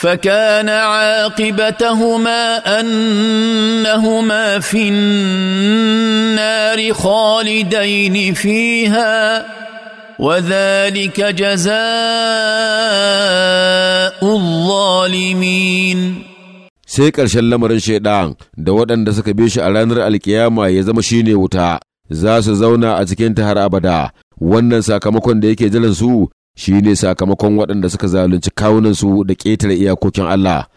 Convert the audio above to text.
فكان عاقبتهما انهما في النار خالدين فيها وذلك جزاء الظالمين sai ƙarshen lamarin shaiɗan da waɗanda suka bi shi a ranar alkiyama ya zama shine wuta za su zauna a cikin har abada wannan sakamakon da yake jiran su shi ne sakamakon waɗanda suka zalunci kawunansu da ƙetare iyakokin Allah